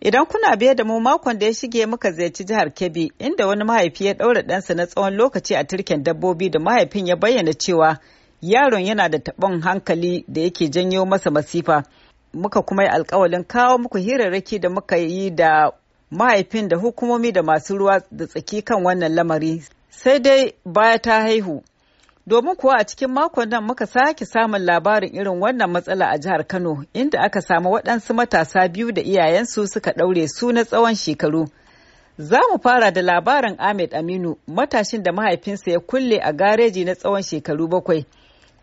Idan kuna biye da mu makon da ya shige muka ziyarci jihar Kebbi inda wani mahaifi ya ɗaura ɗansa na tsawon lokaci a turken dabbobi da mahaifin ya bayyana cewa yaron yana da taɓon hankali da yake janyo masa masifa. Muka kuma yi alkawalin kawo muku hirarraki da muka yi da mahaifin da hukumomi da masu ruwa da tsaki kan wannan lamari. Sai dai baya ta haihu Domin kuwa a cikin makon nan muka sake samun labarin irin wannan matsala a jihar Kano inda aka samu waɗansu matasa biyu da iyayensu suka ɗaure su na tsawon shekaru. Za mu fara da labarin Ahmed Aminu matashin da mahaifinsa ya kulle a gareji na tsawon shekaru bakwai.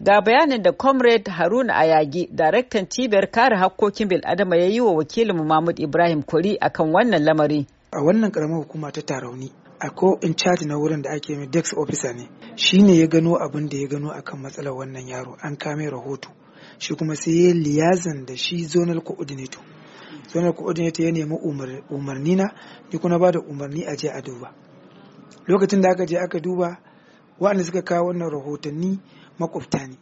Ga bayanin da Comrade Haruna Ayagi, daraktan cibiyar kare hakkokin bil'adama ya yi wa wakilinmu Mahmud Ibrahim Kori akan wannan lamari. A wannan ƙaramar hukuma ta Tarauni, ko in charge na wurin da ake mai dex officer ne shi ne ya gano abin da ya gano akan matsalar wannan yaro an kame rahoto shi kuma sai ya liyazan da shi zonal coordinator zonal coordinator ya nemi umarni na ni kuna ba da umarni a je a duba lokacin da aka je aka duba waɗanda suka kawo wannan rahotanni makwabta ne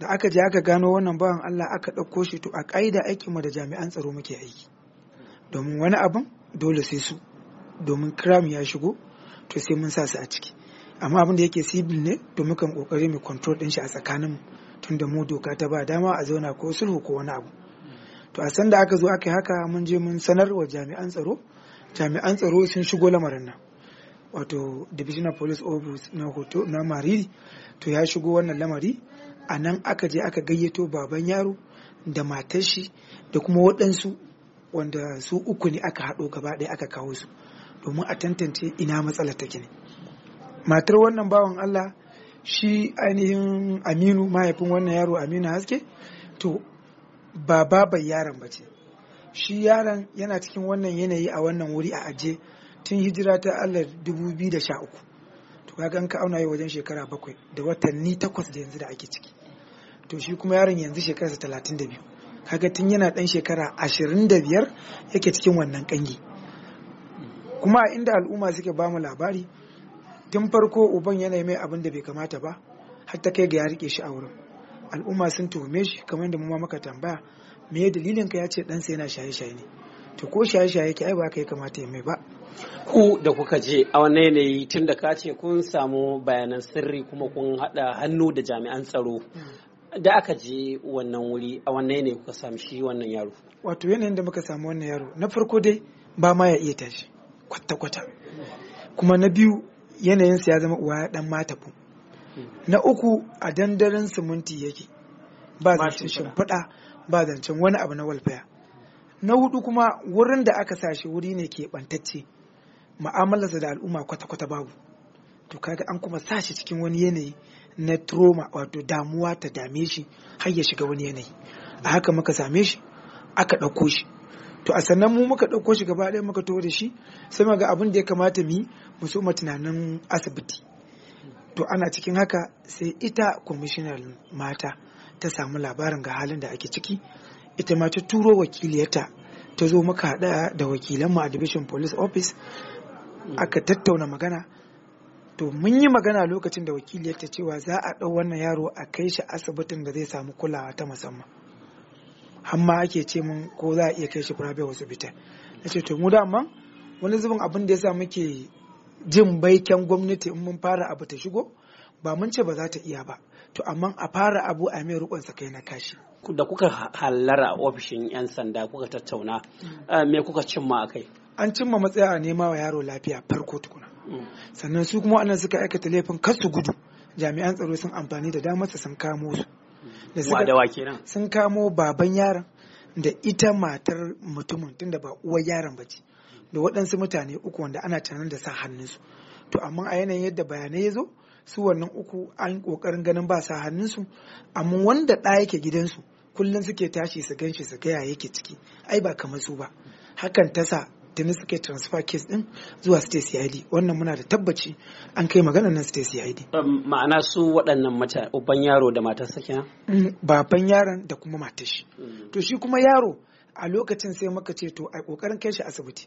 da aka je aka gano wannan bawan Allah aka ɗauko shi to a ƙa'ida aikinmu da jami'an tsaro muke aiki domin wani abin dole sai su domin kiram ya shigo to sai mun sa su a ciki amma abin da yake sibil ne to mukan kokari mu control din shi a tsakanin tunda mu doka ta ba dama a zauna ko sulhu ko wani abu to a sanda aka zo aka yi haka mun je mun sanar wa jami'an tsaro jami'an tsaro sun shigo lamarin nan wato division of police office na hoto na mariri to ya shigo wannan lamari a nan aka je aka gayyato baban yaro da matar shi da kuma waɗansu wanda su uku ne aka haɗo gaba ɗaya aka kawo su domin a tantance ina matsala take ne matar wannan bawan Allah shi ainihin Aminu mahaifin wannan yaro Aminu haske to ba babban yaron ba ce shi yaron yana cikin wannan yanayi a wannan wuri a aje tun hijira ta Allah 2013 to kaga ka auna yau wajen shekara bakwai da watanni takwas da yanzu da ake ciki to shi kuma yaron yanzu shekararsa 32 kaga tun yana dan shekara 25 yake cikin wannan kangi kuma inda al'umma suke ba mu labari tun farko uban yanayi mai abin da bai kamata ba har ta kai ga ya rike shi a wurin al'umma sun tuhume shi kamar da mu ma muka tambaya me ya dalilin ka ya ce ɗansa yana shaye-shaye ne to ko shaye-shaye ki ai ba ka kamata ya mai ba ku da kuka je a wannan yanayi tun da ka ce kun samu bayanan sirri kuma kun haɗa hannu da jami'an tsaro hmm. da aka je wannan wuri a wannan yanayi kuka samu shi wannan yaro wato yanayin da muka samu wannan yaro na farko dai ba ma ya iya tashi kwata-kwata kuma na biyu yanayinsa ya zama uwa dan matafu na uku a dandaren siminti yake ba zancen shimfiɗa ba zancen wani abu na walfaya na hudu kuma wurin da aka sa shi wuri ne ke bantacce ma'amalarsa da al'umma kwata-kwata babu to kaga an kuma sa shi cikin wani yanayi na troma wato damuwa ta dame shi har ya shiga wani yanayi a haka muka same shi aka ɗauko shi to a sannan mu muka ɗauko shi gaba ɗaya muka taho da shi sai muka ga abin da ya kamata mu yi mu so tunanin asibiti to ana cikin haka sai ita commissioner mata ta samu labarin ga halin da ake ciki ita ma ta turo wakiliyarta ta zo muka haɗa da wakilanmu a division police office aka tattauna magana to mun yi magana lokacin da wakiliyarta cewa za a ɗau wannan yaro a kai shi asibitin da zai samu kulawa ta musamman hamma ake ce min ko za a iya kai shi private hospital na ce to mu daman wani zubin abin da yasa muke jin baiken gwamnati in mun fara abu ta shigo ba mun ce ba za ta iya ba to amma a fara abu a mai rukon sa kai na kashi da kuka hallara ofishin yan sanda kuka tattauna mm. eh, me kuka cimma akai an cimma matsaya a nema wa yaro lafiya farko tukuna mm. sannan su kuma wannan suka aikata laifin kasu gudu jami'an tsaro sun amfani da damar sun kamo su da sun kamo baban yaron da ita matar mutumin tunda ba uwar yaron ba ce da waɗansu mutane uku wanda ana tunanin da sa hannunsu to amma a yanayin yadda bayanai ya zo su wannan uku an ƙoƙarin ganin ba sa hannunsu amma wanda ɗa yake gidansu kullum suke tashi su ganshi su gaya yake ciki ai ba kamar su ba hakan ta sa tuni suke transfer case din zuwa state cid wannan muna da tabbaci an kai magana nan state cid um, ma'ana su waɗannan mata uban yaro da matarsa kenan mm, baban yaron da kuma matar shi mm. to shi kuma yaro a lokacin sai muka ce to a kokarin kai shi asibiti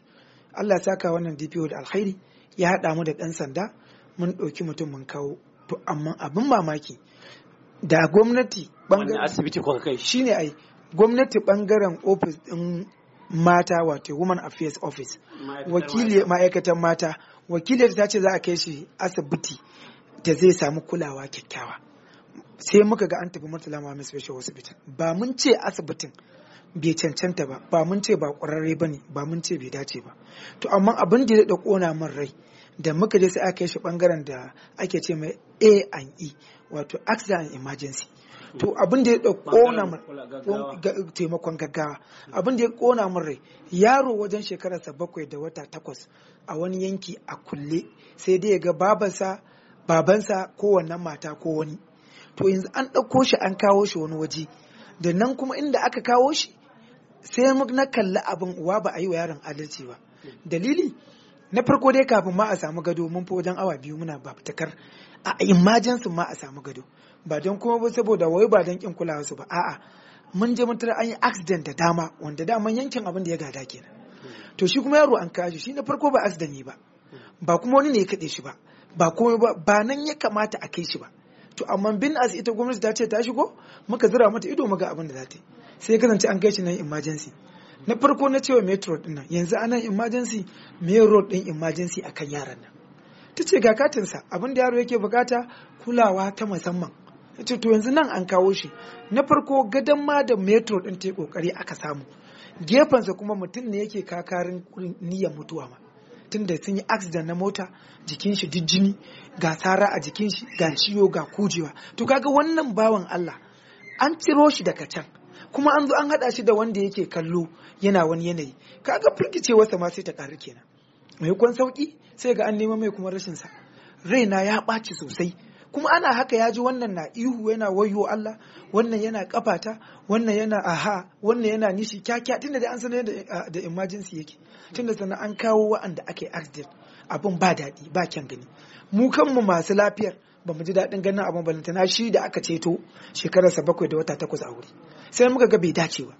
Allah ya saka wannan DPO da alkhairi ya haɗa mu da ɗan sanda mun ɗauki mutum mun kawo to amma abin mamaki da gwamnati bangaren asibiti kuka kai shine ai gwamnati bangaren ofis din mata wato wuman affairs office wakili ma'aikatan mata wakiliyar ta ce za a kai shi asibiti da zai samu kulawa kyakkyawa sai muka ga an tafi murtala muhammed special hospital ba mun ce asibitin bai cancanta ba ba mun ce ba ƙwararre ba ne ba mun ce bai dace ba to amma abin da ya da ƙona min rai da muka je sai aka kai shi bangaren da ake ce mai a and e wato accident and emergency to abin da ya kona min taimakon gaggawa abin da ya kona min rai yaro wajen shekararsa bakwai da wata takwas a wani yanki a kulle sai dai ya ga babansa babansa ko wannan mata ko wani to yanzu an ɗauko shi an kawo shi wani waje da nan kuma inda aka kawo shi sai na kalli abin uwa ba a yi wa yaron adalci ba dalili na farko dai kafin ma a samu gado mun fi wajen awa biyu muna babtakar a imajinsu ma a samu gado ba don kuma ba saboda wai ba don kin kulawa su ba a'a mun je mun tara an yi accident da dama wanda daman yankin abin da ya gada kenan to shi kuma yaro an kashi shi na farko ba accident ne ba ba kuma wani ne ya kade shi ba ba komai ba nan ya kamata a kai shi ba to amma bin as ita gwamnati ta ce ta shigo muka zira mata ido muga abin da za ta yi sai kasance an kai shi nan emergency na farko na cewa metro din nan yanzu anan emergency me road din emergency akan yaran nan ta ce ga katinsa abin da yaro yake bukata kulawa ta musamman ya ce to yanzu nan an kawo shi na farko gadon ma da metro ɗin ta yi ƙoƙari aka samu gefensa kuma mutum ne yake kakarin niyyar mutuwa ma tun da sun yi accident na mota jikin shi duk jini ga tsara a jikin shi ga ciwo ga kujewa to kaga wannan bawan Allah an ciro shi daga can kuma an zo an hada shi da wanda yake kallo yana wani yanayi kaga wasa ma sai ta karu kenan mai kwan sauki sai ga an nema mai kuma rashin sa raina ya ɓaci sosai kuma ana haka ya ji wannan na ihu yana wayo Allah wannan yana kafata wannan yana aha wannan yana nishi kyakya tunda da an sanar da emergency yake tunda sannan an kawo wa'anda aka yi accident abin ba daɗi ba kyan gani mu kanmu masu lafiyar ba mu ji daɗin ganin abin balantana shi da aka ceto shekararsa bakwai da wata takwas a wuri sai muka ga bai dace ba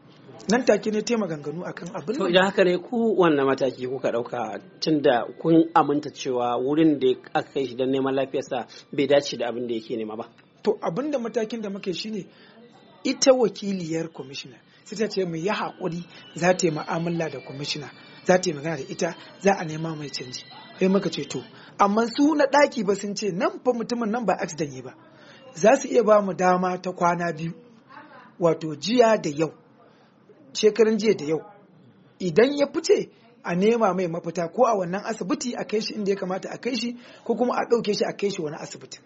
nan take ne te maganganu akan abin to idan haka ne ku wannan mataki kuka dauka tunda kun aminta cewa wurin da aka kai shi don neman lafiyarsa bai dace da abin da yake nema ba to abin da matakin da muke shine ita wakiliyar komishina. sai ta ce mu yi haƙuri za ta yi mu'amala da komishina, za ta yi magana da ita za a nema mai canji sai muka ce to amma su na ɗaki ba sun ce nan fa mutumin nan ba accident yi ba za su iya ba mu dama ta kwana biyu wato jiya da yau shekaran jiya da yau idan ya fice a nema mai mafita ko a wannan asibiti a kai shi inda ya kamata a kai shi ko kuma a ɗauke shi a kai shi wani asibiti.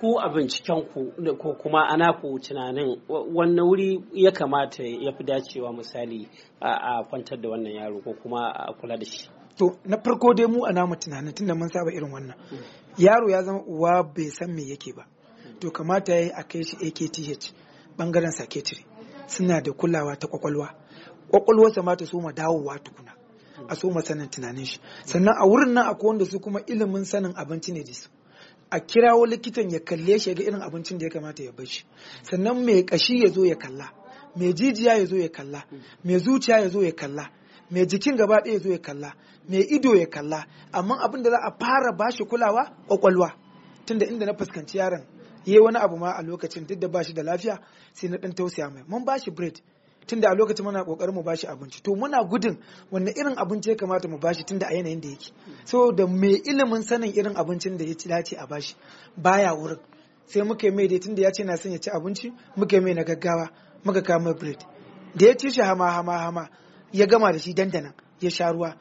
Ko a binciken ku ko kuma ana ku tunanin wannan wuri ya kamata ya fi dacewa misali a kwantar da wannan yaro ko kuma a kula da shi. To na farko dai mu a namu tunanin tunda mun saba irin wannan. Hmm. Yaro ya zama uwa bai san me yake ba. Hmm. To kamata ya yi a kai shi AKTH bangaren saketiri suna da kulawa ta kwakwalwa. kwakwalwarsa ma ta soma dawowa tukuna a soma sanin tunanin shi sannan a wurin nan akwai wanda su kuma ilimin sanin abinci ne da su a kirawo likitan ya kalle shi ga irin abincin da ya kamata ya bar shi sannan mai kashi ya zo ya kalla mai jijiya ya zo ya kalla mai zuciya ya zo ya kalla mai jikin gaba ɗaya ya zo ya kalla mai ido ya kalla amma abin da za a fara bashi kulawa kwakwalwa tunda inda na fuskanci yaron yi wani abu ma a lokacin duk da bashi da lafiya sai na ɗan tausaya mai mun bashi shi bread tunda a lokacin muna kokarin mu bashi abinci to muna gudun wanne irin abinci ya kamata mu bashi tunda a yanayin da yake so da mai ilimin sanin irin abincin da ya dace a bashi baya wurin sai muka mai dai tunda ya ce na son ya ci abinci muka mai na gaggawa muka kama bread da ya ci shi hama hama hama ya gama da shi dandanan ya sha ruwa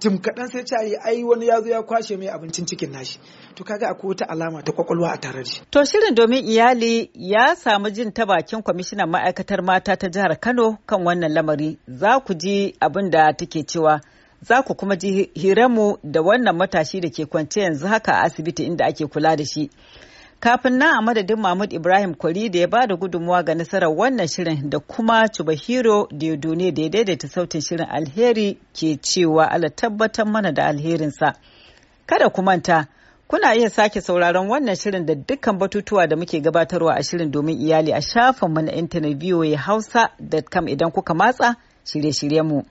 jim kaɗan sai cayi ai wani ya zo ya kwashe mai abincin cikin nashi to kaga akwai wata alama ta kwakwalwa a tare da shi. to shirin domin iyali ya samu jin ta bakin kwamishinan ma'aikatar mata ta jihar kano kan wannan lamari za ku ji abin da take cewa za ku kuma ji hirarmu da wannan matashi da ke kwance yanzu haka a asibiti inda ake kula da shi Kafin na a madadin Mahmud Ibrahim Kwari da ya ba da gudunmuwa ga nasarar wannan shirin da kuma Chubahiro Diodone da ya daidaita sautin shirin alheri ke cewa ala tabbatar mana da alherinsa. Kada ku manta, kuna iya sake sauraron wannan shirin da dukkan batutuwa da muke gabatarwa a shirin domin iyali a shafin na intanet Hausa kam idan kuka matsa shirye mu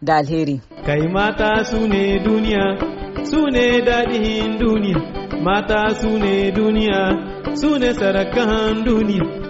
da alheri. Kai mata su ne duniya, su ne daɗin duniya. mata su ne duniya su ne sarakan duniya